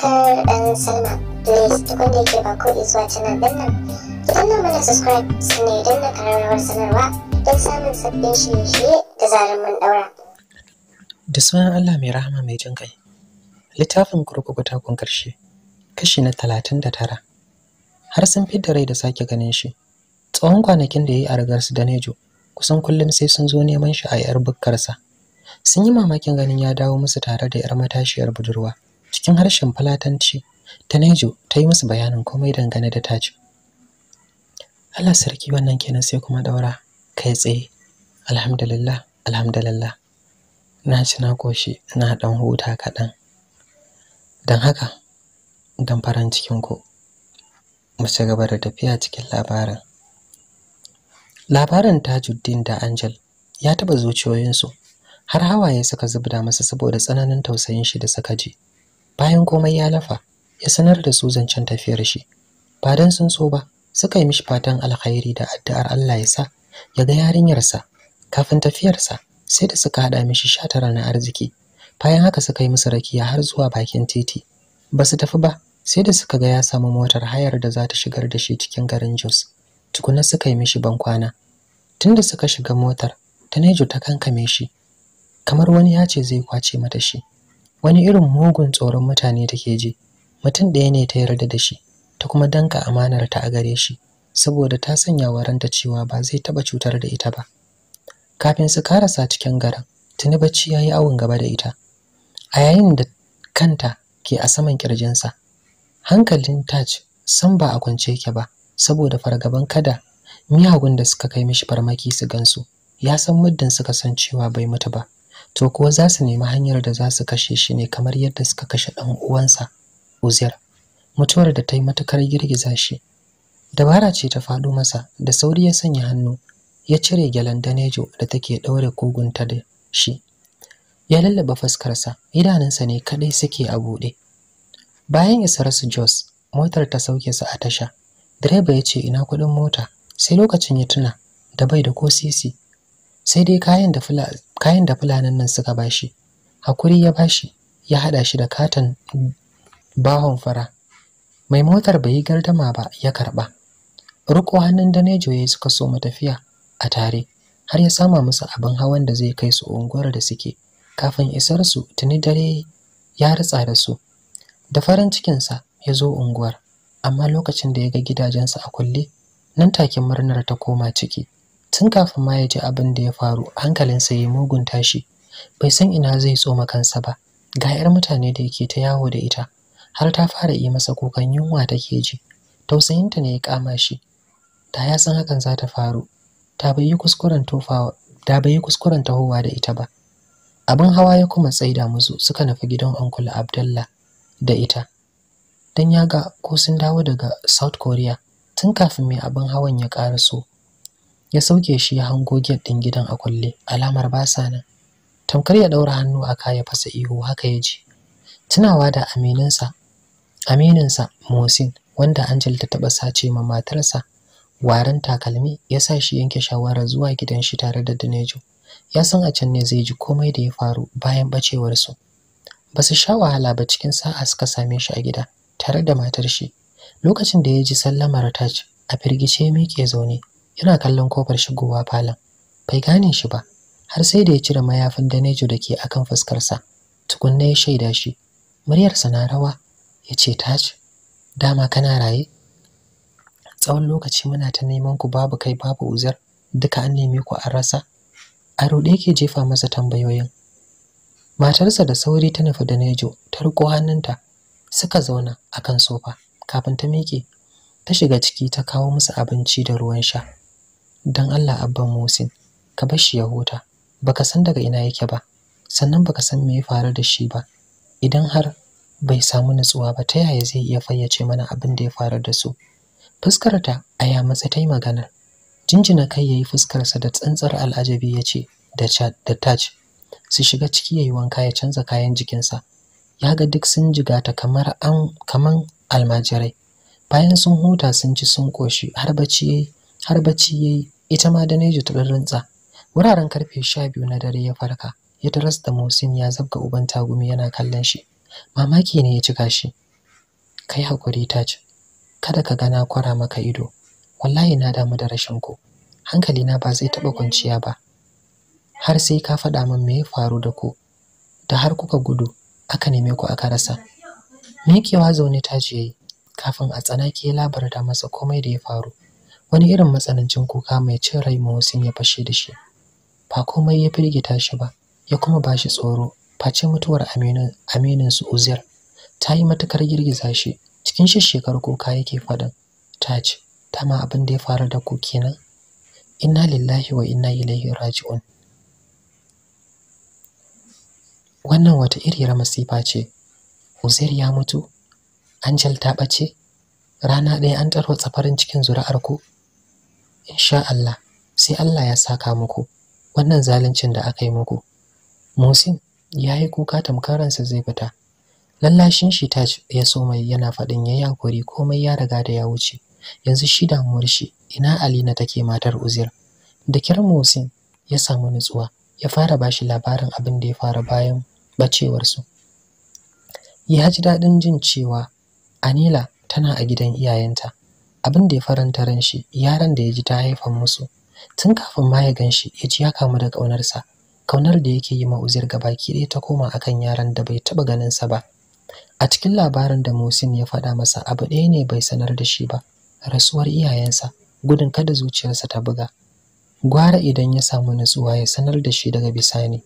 subscribe and sign up. Please ke ba ko subscribe sanarwa don samun da zarar sunan Allah mai rahama mai jin kai. Littafin kurkuku kun karshe kashi na talatin da tara. Har sun fidda rai da sake ganin shi. Tsawon kwanakin da ya yi a rigar su Danejo kusan kullum sai sun zo neman shi a 'yar bukkarsa. Sun yi mamakin ganin ya dawo musu tare da 'yar matashiyar budurwa. cikin harshen falatanci ta Nejo ta yi musu bayanin komai dangane da tace. Allah sarki wannan kenan sai kuma daura kai tsaye. Alhamdulillah, alhamdulillah. Na ci na koshi na dan huta kaɗan. Don haka, don farin cikin ku, mu gaba da tafiya cikin labarin. Labarin Tajuddin da Angel ya taɓa zuciyoyinsu har hawaye suka zubda masa saboda tsananin tausayin shi da suka ji. bayan komai ya lafa ya sanar da su zancen tafiyar shi ba dan sun so ba suka yi mishi fatan alkhairi da addu'ar Allah ya sa ya ga yarinyarsa kafin tafiyarsa sai da suka haɗa mishi sha na arziki bayan haka suka yi musu rakiya har zuwa bakin titi ba su tafi ba sai da suka ga ya samu motar hayar da za ta shigar da shi cikin garin Jos tukuna suka yi mishi bankwana tunda suka shiga motar nejo ta kankame shi kamar wani ya ce zai kwace mata shi wani irin mugun tsoron mutane take ji mutum ɗaya ne ta yarda da shi ta kuma danka amanar ta a gare shi saboda ta sanya waranta cewa ba zai taɓa cutar da ita ba kafin su karasa cikin garan tuni bacci ya yi awon gaba da ita a yayin da kanta ke a saman kirjinsa hankalin taj san ba a kwance ke ba saboda fargaban kada miyagun da suka kai mishi farmaki su gansu ya san muddin suka san cewa bai mutu ba to kuwa za su nemi hanyar da za su kashe shi ne kamar yadda suka kashe ɗan uwansa Uzair mutuwar da ta yi matukar girgiza shi dabara ce ta faɗo masa da sauri ya sanya hannu ya cire gyalan danejo da take ɗaure kogunta da shi ya lallaba fuskarsa idanunsa ne kaɗai suke a buɗe bayan isar su jos motar ta sauke su a tasha direba ya ce ina kuɗin mota sai lokacin ya tuna da bai da ko sisi sai dai kayan da fula nan suka bashi hakuri ya bashi ya hada shi da katon bahon fara mai motar bai yi gardama ba ya karba riko hannun danejo ya suka so matafiya a tare har ya sama musu abin hawan da zai kai su unguwar da suke kafin isar su tuni dare ya ritsa da su da farin cikinsa ya zo unguwar amma lokacin da ya ga gidajensa a kulle nan take murnar ta koma ciki tun kafin ma ya ji abin da ya faru hankalinsa ya yi mugun tashi bai san ina zai tsoma kansa ba ga 'yar mutane da yake ta yawo da ita har ta fara yi masa kukan yunwa take ji tausayinta ne ya kama shi da ya san hakan za ta faru ta bai yi kuskuren da bai yi kuskuren tahowa da ita ba abin hawa ya kuma tsaida musu suka nufi gidan Uncle Abdullah da ita Dan ya ga ko sun dawo daga South Korea tun kafin mai abin hawan ya so ya sauke shi ya hango gate ɗin gidan a kulle alamar ba sa nan tamkar ya ɗaura hannu a kaya fasa ihu haka ya ji tunawa da amininsa amininsa mosin wanda Angel ta taɓa sace ma matarsa waran takalmi ya sa shi yanke shawara zuwa gidan shi tare da Dinejo ya san a can ne zai ji komai da ya faru bayan bacewar su ba su sha wahala ba cikin sa'a suka same shi a gida tare da matar shi lokacin da ya ji sallamar ta a firgice miƙe zaune yana kallon kofar shigowa falon bai gane shi ba har sai da ya cire mayafin danejo da ke akan fuskarsa tukunna ya shaida shi muryarsa na rawa ya ce taj dama kana raye tsawon lokaci muna ta neman ku babu kai babu uzar duka an nemi ku an rasa a ruɗe ke jefa masa tambayoyin matarsa da sauri ta nufi danejo ta riko hannunta suka zauna akan sofa kafin ta miƙe ta shiga ciki ta kawo musu abinci da ruwan sha don Allah abban Musin ka bar shi ya huta baka san daga ina yake ba sannan baka san me ya faru da shi ba idan har bai samu nutsuwa ba ta yaya zai iya fayyace mana abin da ya faru da su fuskarta a ya matsa ta yi maganar jinjina kai ya yi fuskarsa da tsantsar al'ajabi ya ce da taj su shiga ciki ya yi wanka ya canza kayan jikinsa ya ga duk sun jigata kamar an kaman almajirai bayan sun huta sun ci sun koshi har bacci har bacci ya yi ita ma da nejo ta rantsa wuraren karfe sha biyu na dare ya farka ya taras da Musin ya zabga uban tagumi yana kallon shi mamaki ne ya cika shi kai hakuri ta ce. kada ka gana kwara maka ido wallahi na damu da rashin ku hankali na ba zai taɓa kwanciya ba har sai ka faɗa min me ya faru da ku da har kuka gudu aka neme ku aka rasa miƙewa zaune ta yayi kafin a tsanaki ya labarta masa komai da ya faru wani irin matsanancin kuka mai cin rai Muhsin ya fashe da shi ba komai ya firgita shi ba ya kuma ba shi tsoro face mutuwar aminin su Uzir. ta yi matukar girgiza shi cikin shi shekar kuka yake faɗin, ta ce ma abin da ya fara da ku kenan inna lillahi wa inna ilaihi raji'un wannan wata iri iriyar masifa ce Uzir ya mutu Angel ta ɓace rana ɗaya an tarwatsa farin cikin zuri'ar ku insha Allah sai Allah ya saka muku wannan zaluncin da aka yi muku Musin ya yi kuka tamkaransa zai fita lallashin shi ta ya so mai yana faɗin yayi hakuri komai ya riga da ya wuce yanzu shi damuwar shi ina Alina take matar Uzir da kyar Musin ya samu nutsuwa ya fara bashi labarin abin da ya fara bayan bacewarsu ya ji dadin jin cewa Anila tana a gidan iyayenta abin da ya faranta ran shi yaran da ya ji ta haifan musu tun kafin ma ya gan shi ya ji ya kamu da ƙaunarsa ƙaunar da yake yi ma uzir baki ɗaya ta koma akan yaran da bai taɓa sa ba a cikin labarin da musin ya faɗa masa abu ɗaya ne bai sanar da shi ba rasuwar iyayensa gudun kada zuciyarsa ta buga gwara idan ya samu nutsuwa ya sanar da shi daga bisani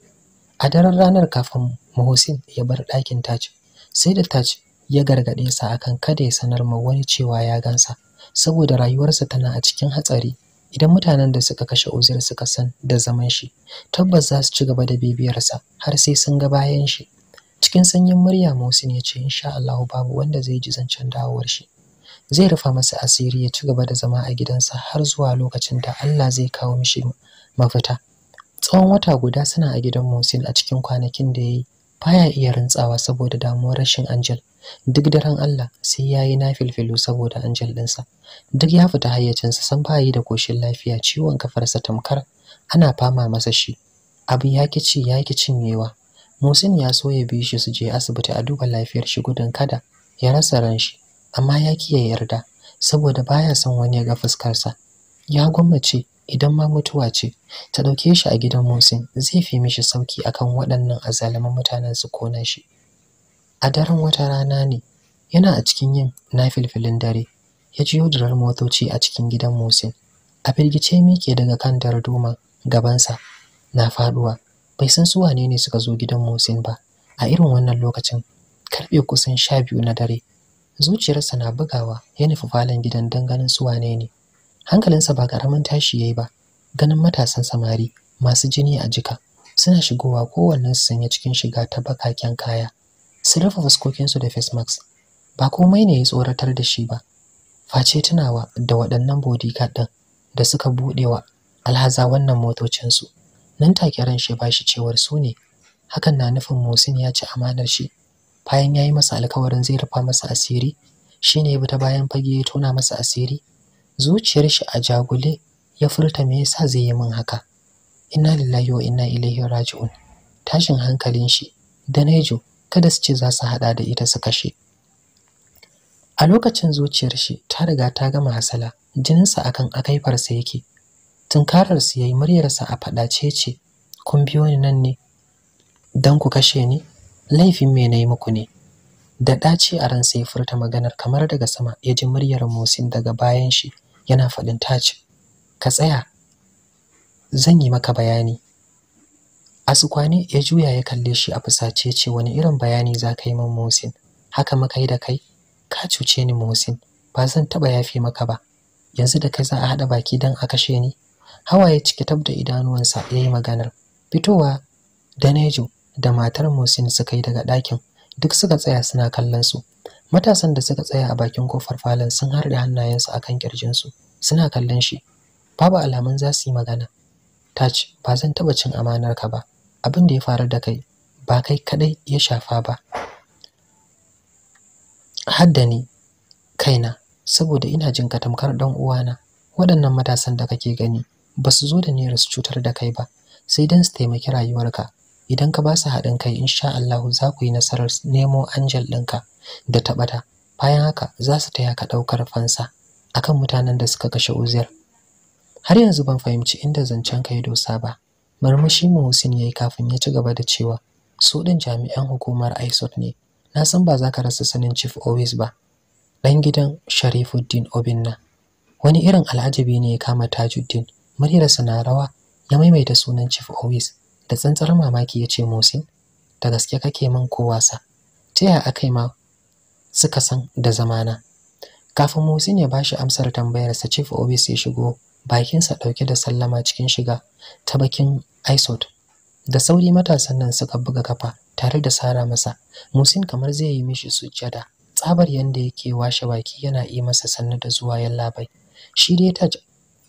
a daren ranar kafin muhsin ya bar ɗakin taj sai da taj ya gargaɗe sa akan kada ya sanar ma wani cewa ya gansa saboda rayuwarsa tana a cikin hatsari idan mutanen da suka kashe uzir suka san da zaman shi tabbas za su ci gaba da bibiyarsa har sai sun ga bayan shi cikin sanyin murya Musin ya ce insha Allah babu wanda zai ji zancen dawowar shi zai rufa masa asiri ya ci gaba da zama a gidansa har zuwa lokacin da Allah zai kawo mishi mafita tsawon wata guda suna a gidan Musin a cikin kwanakin da ya yi baya iya rantsawa saboda damuwar rashin Angel duk daren Allah sai yayi nafilfilu saboda Angel ɗinsa duk ya fita hayyacinsa san bayi da koshin lafiya ciwon kafarsa tamkar ana fama masa shi abu ya kici ya cinyewa Musin ya so ya bi shi su je asibiti a duba lafiyar shi gudun kada ya rasa ran shi amma ya kiyaye yarda saboda baya son wani ya ga fuskarsa ya gwammace idan ma mutuwa ce ta ɗauke shi a gidan Musin zai fi mishi sauki akan waɗannan azalaman mutanen su kona shi a daren wata rana ne yana a cikin yin na nafilfilin dare ya ji yodurar motoci a cikin gidan Musin a firgice mike daga kan darduma gabansa na faɗuwa. bai san su wane ne suka zo gidan Musin ba a irin wannan lokacin karfe kusan sha biyu na dare zuciyarsa na bugawa ya nufi falon gidan don su wane ne hankalinsa ba ƙaramin tashi ya yi ba ganin matasan samari masu jini a jika suna shigowa kowanne su sanya cikin shiga ta bakaken kaya su rufe fuskokinsu da face mask ba komai ne ya tsoratar da shi ba face tunawa da waɗannan bodyguard ɗin da suka buɗe wa alhaza wannan motocinsu nan take ran shi ba shi cewar su ne hakan na nufin Musin ya ci amanar shi bayan ya yi masa alkawarin zai rufa masa asiri Shi ne ya bi ta bayan fage ya tona masa asiri zuciyar shi a jagule ya furta me yasa zai yi min haka inna lillahi wa inna ilaihi raji'un tashin hankalin shi da nejo kada su ce za su hada da ita su kashe a lokacin zuciyar shi ta riga ta gama hasala jininsa akan akaifarsa yake tunkarar ya yi muryarsa a faɗace ce kun biyo ni nan ne dan ku kashe ni laifin me nayi muku ne da ɗaci a ran ya furta maganar kamar daga sama ya ji muryar Musin daga bayan shi yana faɗin taj ka tsaya zan yi maka bayani asukwane ya juya ya kalle shi a fusace ce wani irin bayani za ka yi min Musin haka muka yi da kai ka cuce ni Musin ba zan taɓa yafe maka ba yanzu da kai za a haɗa baki don a kashe ni ya cike tab da idanuwansa ya yi maganar fitowa danejo da matar Musin suka yi daga ɗakin duk suka tsaya suna kallon su matasan da suka tsaya a bakin kofar falon sun harda hannayensu akan kirjinsu suna kallon shi babu alamun za su yi magana tace ba zan taɓa cin amanar ka ba abin da ya faru da kai ba kai kaɗai ya shafa ba hadda ni kaina saboda ina jin ka tamkar dan uwana waɗannan matasan da kake gani ba su zo da niyyar su cutar da kai ba sai don su taimaki rayuwarka idan ka ba su haɗin kai insha Allahu za ku yi nasarar nemo angel ɗinka da ta ɓata bayan haka za su taya ka ɗaukar fansa akan mutanen da suka kashe Uzair har yanzu ban fahimci inda zancen ka yi dosa ba murmushi ya yayi kafin ya ci gaba da cewa su ɗin jami'an hukumar ISOT ne na san ba za ka rasa sanin Chief Owis ba ɗan gidan Sharifuddin Obinna wani irin al'ajabi ne ya kama Tajuddin muryarsa na rawa ya maimaita sunan Chief Owis da tsantsar mamaki ya ce Musin, da gaske kake min ko wasa, ta yaya aka ma suka san da zamana. Kafin Musin ya bashi amsar tambayar sa, Chief obc ya shigo bakinsa ɗauke da sallama cikin shiga ta bakin Isot. Da sauri matasan nan suka buga kafa tare da sara masa, Musin kamar zai yi mishi sujjada. Tsabar yanda yake washe baki yana yi masa sannu da zuwa yallabai. Shi dai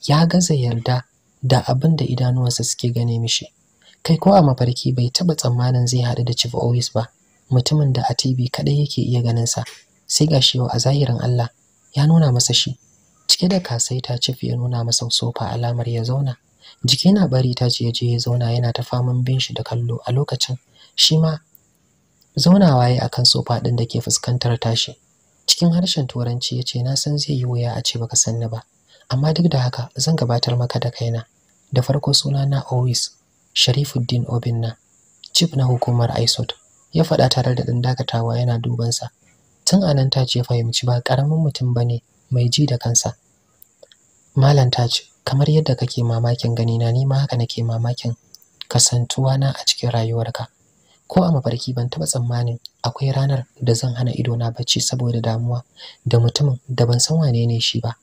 ya gaza yarda da abin da idanuwansa suke gane mishi. kai ko a mafarki bai taɓa tsammanin zai haɗu da Chief Owis ba mutumin da a TV kaɗai yake iya ganin sa sai ga yau a zahirin Allah ya nuna masa shi cike da kasaita Chief ya nuna masa sofa alamar ya zauna jiki na bari ta ce ya ya zauna yana ta faman bin shi da kallo a lokacin shi ma zaunawa ya akan sofa ɗin da ke fuskantar tashi cikin harshen turanci ya ce na san zai yi wuya a ce baka sanni ba amma duk da haka zan gabatar maka da kaina da farko suna na Owis Sharifuddin Obinna, cif na hukumar ISOT, ya faɗa tare da ɗan dakatawa yana duban sa. Tun anan ta ce ya fahimci ba ƙaramin mutum bane mai ji da kansa. Malam Taj, kamar yadda kake mamakin gani na ni ma haka nake mamakin kasantuwa na a cikin rayuwarka. Ko a mafarki ban taɓa tsammanin akwai ranar da zan hana ido na bacci saboda damuwa da mutumin da ban san wane ne shi ba.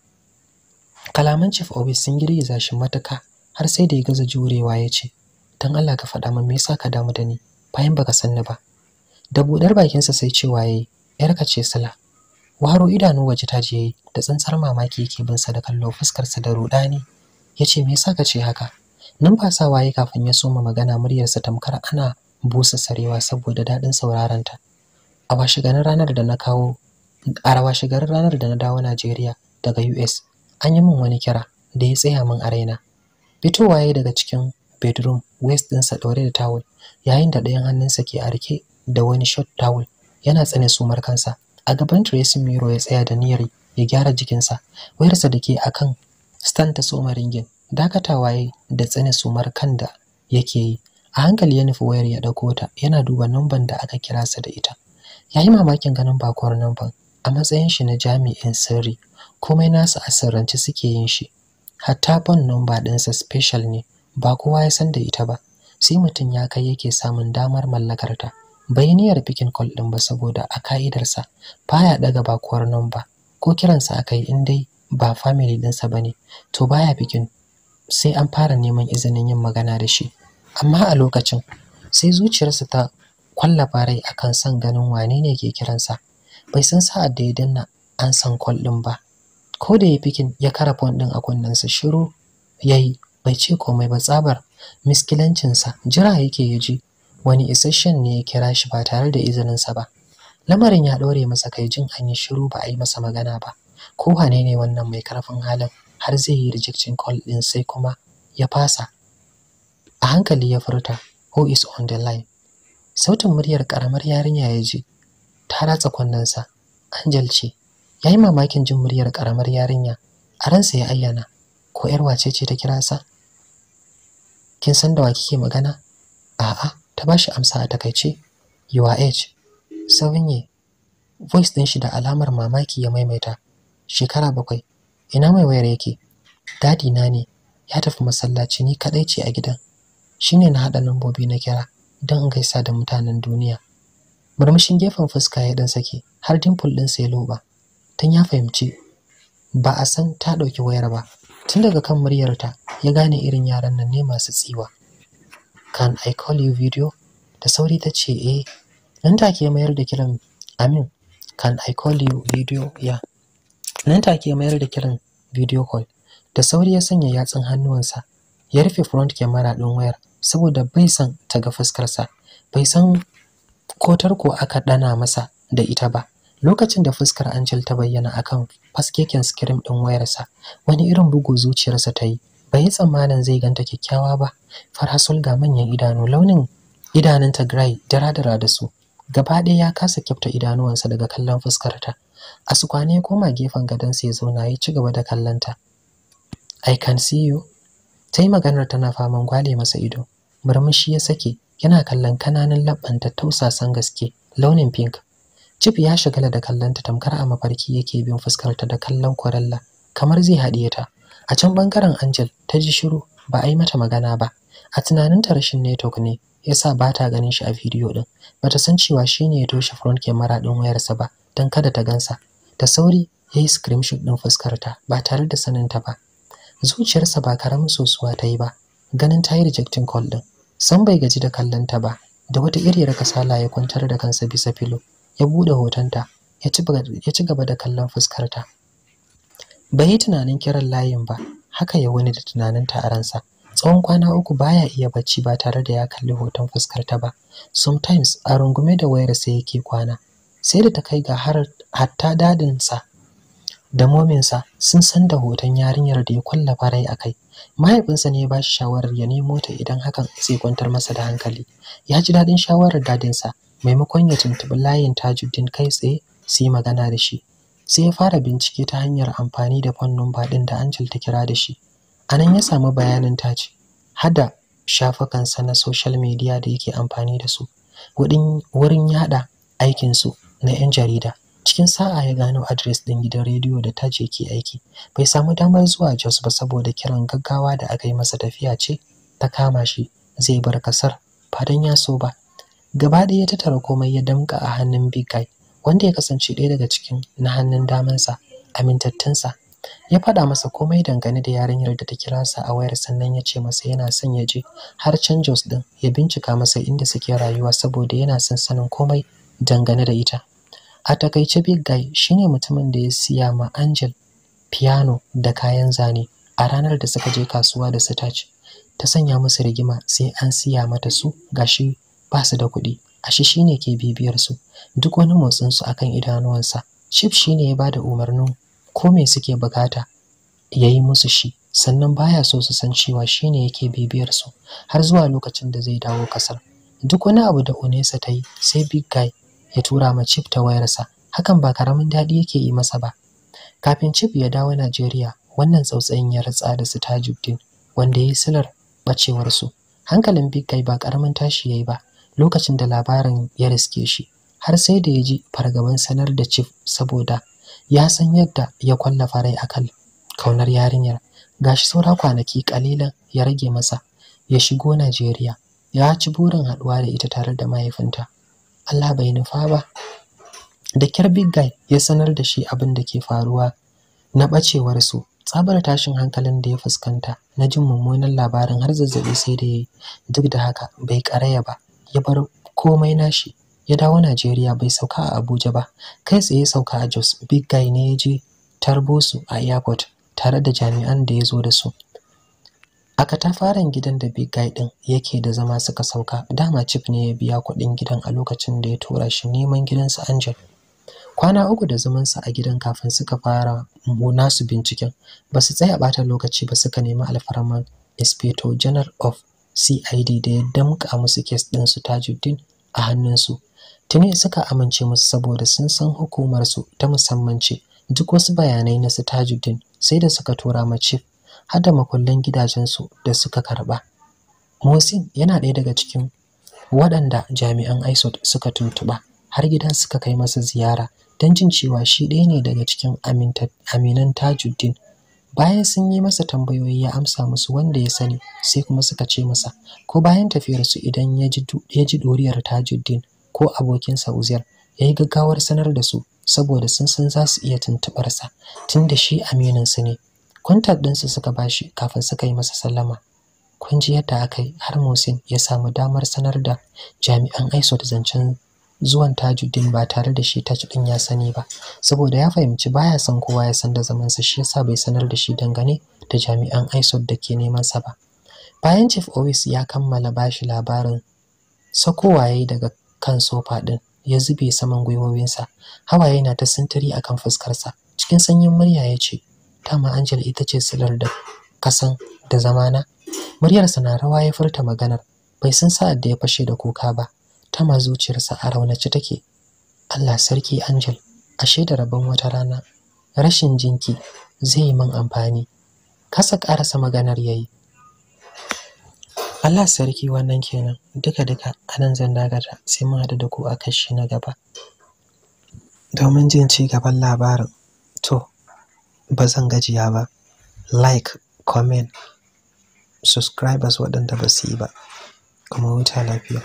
Kalaman Chief Obis sun girgiza shi matuka har sai da ya gaza jurewa ya ce, dan Allah ka faɗa min me yasa ka damu da ni bayan baka san ni ba da budar bakinsa sai cewa yayi yarka ce sala waro idanu waje ta je da tsantsar mamaki yake bin sa da kallo fuskar sa da rudani yace me yasa ka ce haka nan ba sa waye kafin ya soma magana muryar sa tamkar ana busa sarewa saboda dadin sauraron ta a washegarin ranar da na kawo a shigar ranar da na dawo Najeriya daga US an yi min wani kira da ya tsaya min a raina fitowa yayi daga cikin bedroom waist ɗinsa ɗaure da tawul yayin da ɗayan hannunsa ke a rike da wani shot tawul yana tsane sumar kansa a gaban dressing mirror ya tsaya da niyyar ya gyara jikinsa wayarsa da ke akan stan ta soma ringin dakatawa da tsane sumar kan da yake yi a hankali ya nufi wayar ya ɗauko ta yana duba numban da aka kira sa da ita ya yi mamakin ganin bakuwar numban a matsayin shi na jami'in sirri komai nasu a sirrance suke yin shi hatta bon number ɗinsa special ne ba kowa ya san da ita ba sai mutum ya kai yake samun damar mallakarta bai niyyar bikin call din ba saboda a ka'idarsa baya daga bakuwar namba ko kiransa aka yi in dai ba family dinsa ne, to baya bikin sai an fara neman izinin yin magana da shi amma a lokacin sai zuciyarsa ta kwalla farai akan san ganin wane ne ke kiransa bai san sa'ad da ya danna an san kwal din ba ko da ya bikin ya kara fon din a kunnensa shiru yayi bai ce komai ba tsabar miskilancinsa jira yake ya ji wani isasshen ne ya kira shi ba tare da izininsa ba lamarin ya ɗore masa kai jin an yi shiru ba a yi masa magana ba ko wane ne wannan mai karfin halin har zai yi rejection call ɗin sai kuma ya fasa a hankali ya furta who is on the line sautin muryar karamar yarinya ya ji ta ratsa kunnensa angel ce ya yi mamakin jin muryar karamar yarinya a ransa ya ayyana ko yar wace ce ta kira sa kin san da wa kike magana a'a ta bashi amsa a takaice are age seven ye voice din shi da alamar mamaki ya maimaita shekara bakwai ina mai wayar yake dadi na ne ya tafi masallaci ni kadai ce a gidan shine na hada lambobi na kira don in gaisa da mutanen duniya murmushin gefen fuska ya dan sake har dimple din sai loba tun ya fahimci ba a san ta dauki wayar ba Tun daga kan muryarta ya gane irin yaran nan ne masu tsiwa. Can I call you video? Da sauri ta ce eh. Nan take mayar da kiran Amin. Can I call you video? Ya. Nan take mayar da kiran video call. Da sauri ya sanya yatsun hannuwansa ya rufe front camera ɗin wayar saboda bai san ta ga fuskarsa. Bai san ko tarko aka ɗana masa da ita ba. lokacin da fuskar Angel ta bayyana akan faskeken screen ɗin wayarsa wani irin bugu zuciyarsa ta yi bai yi tsammanin zai ganta kyakkyawa ba farhasul ga manyan idanu launin idanunta gray dara-dara da su gaba ɗaya ya kasa kyafta idanuwansa daga kallon fuskar ta. a sukwane koma gefen gadon ya zauna ya ci gaba da kallonta i can see you ta yi maganar tana faman gwale masa ido murmushi ya sake yana kallon kananan labban ta tausasan gaske launin pink Chip ya shigala da kallonta tamkar a mafarki yake bin fuskarta da kallon Corella kamar zai haɗiye ta. A can bangaren Angel ta ji shiru ba a yi mata magana ba. A tunaninta rashin network ne yasa ba ta ganin shi a bidiyo din. Bata san cewa shi ne ya toshe front camera ɗin wayarsa ba don kada ta gansa. Da sauri ya yi screenshot ɗin fuskarta ba tare da saninta ba. Zuciyarsa ba karamin sosuwa ta yi ba. Ganin ta yi rejecting call din. San bai gaji da kallonta ba da wata iri iriyar kasala ya kwantar da kansa bisa filo ya buɗe hotonta ya ci gaba da kallon fuskarta ba yi tunanin kiran layin ba haka ya wani da tunanin taransa tsawon kwana uku baya iya bacci ba tare da ya kalli hoton fuskarta ba sometimes a rungume da wayar sai yake kwana sai da ta kai ga har hatta dadinsa da mominsa sun san da hoton yarinyar da ya kwalla farai a kai mahaifinsa ne ya ba shi shawarar ya nemo ta idan hakan zai kwantar masa da hankali ya ji daɗin shawarar dadinsa maimakon ya tuntuɓi layin tajuddin kai tsaye su magana da shi sai ya fara bincike ta hanyar amfani da fon numba ɗin da Angel ta kira da shi a nan ya samu bayanin ce, hada shafukansa na social media da yake amfani da su wurin yada aikinsu na 'yan jarida cikin sa'a ya gano adres ɗin gidan rediyo da ta je ke aiki bai samu damar zuwa jos ba saboda kiran gaggawa da aka yi masa tafiya ce ta kama shi zai bar kasar fadan don ya so ba gaba ɗaya ta tara komai ya damƙa a hannun big guy wanda ya kasance ɗaya daga cikin na hannun damansa amintattunsa ya faɗa masa komai dangane da yarinyar da ta kira sa a wayar sannan ya ce masa yana son ya je har can Jos din ya bincika masa inda suke rayuwa saboda yana son sanin komai dangane da ita a takaice big guy shine mutumin da ya siya ma Angel piano da kayan zane a ranar da suka je kasuwa da su ta sanya musu rigima sai an siya mata su gashi ba su da kuɗi ashe shine ke bibiyar su duk wani motsin su akan idanuwansa Chief shine ya bada umarnin ko me suke bukata yayi musu shi sannan baya so su san cewa shine yake bibiyar su har zuwa lokacin da zai dawo kasar duk wani abu da unesa ta yi sai Big Guy ya tura ma Chief ta wayarsa hakan ba karamin daɗi yake yi masa ba kafin Chief ya dawo Najeriya wannan tsautsayin ya ratsa da su Tajuddin wanda ya yi silar bacewar hankalin Big Guy ba karamin tashi yayi ba lokacin da labarin ya riske shi har sai da ya ji fargaban sanar da chief saboda ya san yadda ya kwallafa rai akan kaunar yarinyar gashi saura kwanaki kalilan ya rage masa ya shigo Najeriya ya ci burin haɗuwa da ita tare da mahaifinta Allah bai nufa ba da kyar big guy ya sanar da shi abin da ke faruwa na bacewar su tsabar tashin hankalin da ya fuskanta na jin mummunan labarin har zazzabi sai da ya yi, duk da haka bai karaya ba ya bar komai nashi ya dawo Najeriya bai sauka a Abuja ba kai tsaye sauka a Jos Big Guy ne ya je tarbo su a airport tare da jami'an da ya zo da su a katafaren gidan da Big Guy din yake da zama suka sauka dama Chief ne ya biya kuɗin gidan a lokacin da ya tura shi neman gidansa Angel kwana uku da zaman sa a gidan kafin suka fara nasu binciken ba su tsaya ɓata lokaci ba suka nemi alfarman inspector general of cid da ya damƙa musu kes su tajuddin a hannunsu tuni suka amince musu saboda sun san hukumar su ta musamman ce duk wasu bayanai na su tajuddin sai da suka tura ma chief har da gidajen gidajensu da suka karɓa mosin yana ɗaya daga cikin waɗanda jami'an ISOT suka tuntuɓa har gida suka kai masa ziyara don jin cewa shi ɗaya ne daga cikin aminan Tajuddin bayan sun yi masa tambayoyi ya amsa musu wanda ya sani sai kuma suka ce masa ko bayan tafiyar su idan ya ji doriyar tajuddin ko abokinsa uzair ya yi gaggawar sanar da su saboda sun san za su iya tuntuɓarsa tun da shi aminansu ne kwantar ɗinsu suka bashi kafin suka yi masa sallama kun ji yadda aka yi har Musin ya samu damar sanar da jami'an ISO da zancen zuwan Tajuddin ba tare da shi Taj din ya sani ba saboda ya fahimci baya san kowa ya san da zaman sa shi yasa bai sanar da shi dangane da jami'an ISOD da ke neman sa ba bayan Chief Owis ya kammala bashi labarin sakowa yayi daga kan sofa din ya zube saman sa hawaye na ta sintiri akan fuskarsa cikin sanyin murya ya ce Angel ita ce sular da kasan da zamana muryarsa na rawa ya furta maganar bai san sa'ad da ya fashe da kuka ba tama zuciyarsa a raunace take Allah sarki Angel a da rabon wata rana rashin jinki zai yi min amfani kasa karasa maganar yayi Allah sarki wannan kenan duka duka anan zan dagata sai mun hada da ku a kashi na gaba domin jin ci gaban labarin to ba zan gajiya ba like comment subscribers waɗanda ba su yi ba kuma wuta lafiya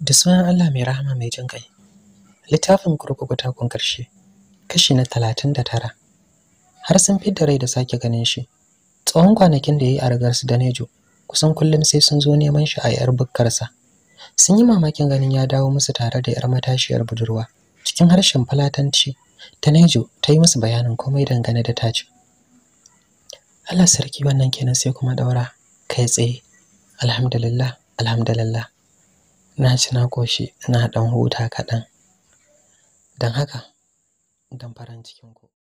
da sunan Allah mai rahama mai jin kai littafin kurkuku kun karshe kashi na talatin da tara har sun fidda rai da sake ganin shi tsawon kwanakin da ya yi a rigar su da nejo kusan kullum sai sun zo neman shi a yar bukkarsa sun yi mamakin ganin ya dawo musu tare da yar matashiyar budurwa cikin harshen falatanci ta nejo ta yi musu bayanin komai dangane da taci Allah sarki wannan kenan sai kuma daura kai tsaye alhamdulillah alhamdulillah na ci na ƙoshi na ɗan huta kaɗan don haka don farin cikinku